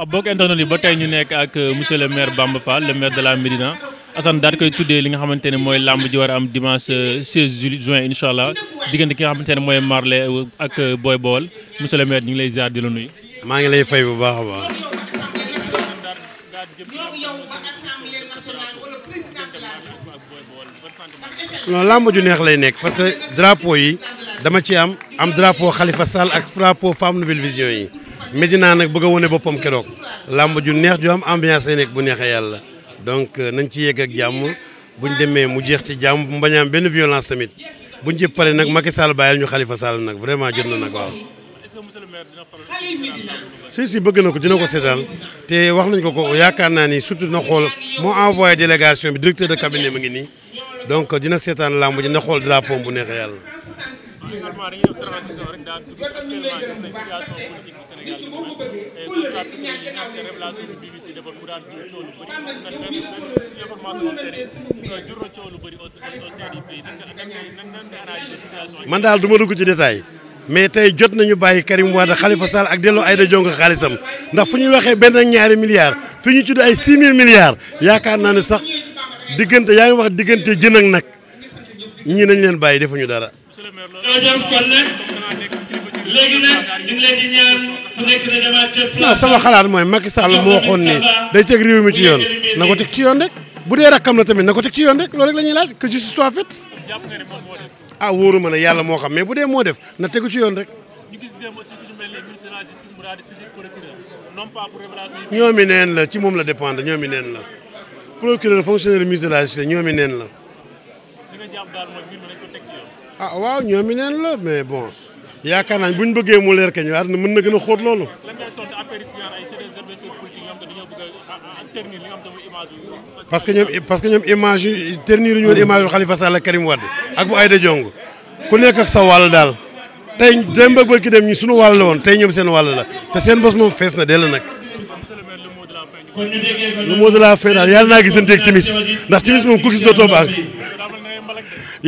waaw ah, bokk internet yi ba tey ñu nekk ak euh, monsieur le maire Bamba Fall le maire de la Médina Assane daal koy tuddee li nga xamante ne mooy làmb ji war a am dimanche 16 euh, juin incha allah diggante ki nga xamante ne mooy Marley euh, ak Boy Baol monsieur le maire ñu ngi lay ziar di la nuyu. maa ngi lay fay bu baax a baax. non làmb ju neex lay nekk parce que drapeau yi dama ci am am drapeau xalifa Sall ak drapeau Femme Nouvelle Vision yi. Médina nag bëgg a wane boppam keroog làmb ju neex ju am ambiance yi nekk bu neexee yàlla donc euh, nañ ci yegg ak jàmm buñ demee mu jeex ci jàmm mbañaam benn violence tamit buñ ci pare nag Macky Sall bàyyil ñu xalifa Sall nag vraiment jot na nag waaw. si si bëgg na ko dina ko seetaan te wax nañ ko ko yaakaar naa ni surtout na xool moo envoyé délégation bi directeur de cabinet mu ngi nii donc dina seetaan làmb ji na xool drapeau bu neexee yàlla. normalement dañuy def transition du pays nan nga mais tey jot nañu bàyyi Karim Wade Khalifa Sall ak delloo Aïda Ndiongue xaalisam ndax fu ñuy waxee benn ñaari milliards fi ñu tudd ay 6 000 milliards yaakaar naa ne sax diggante yaa ngi wax diggante jën ak nag ñii nañ leen bàyyi defuñu dara. jërëjëf kon nag léegi sama xalaat mooy Macky Sall moo waxoon ne day teg réew mi ci yoon na ko teg ci yoon rek bu dee rakkam la tamit na ko teg ci yoon rek loolu rek la ñuy laaj que justice soit faite ah wóoru ma yàlla moo xam mais bu dee moo def na tegu ci yoon rek. ñoomi neen la ci moom la dépendre ñoomi neen la procureur fonctionnaire ministre de la justice ñoomi neen la. ah waaw ñoom neen la mais bon yaakaar naa bu ñu bëggee mu leer kañ waaye mën na gën a xóot loolu. Ah, ah, ah, parce que ñoom parce que ñoom image yi ternir ñu woon hmm. image yu Khalifa Sall Karim Wade ak bu Aïda Diong ku nekk sa wàll daal tey démb ak bërki dem sunu suñu la woon tey ñoom seen wàll la te seen bos moom fees na dell nag. le mot la fin daal yàlla naa gisanteeg timis ndax timis moom ku gis dootoo baax.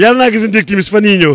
yàlla naa gis ne dégg timis fan yii ñëw.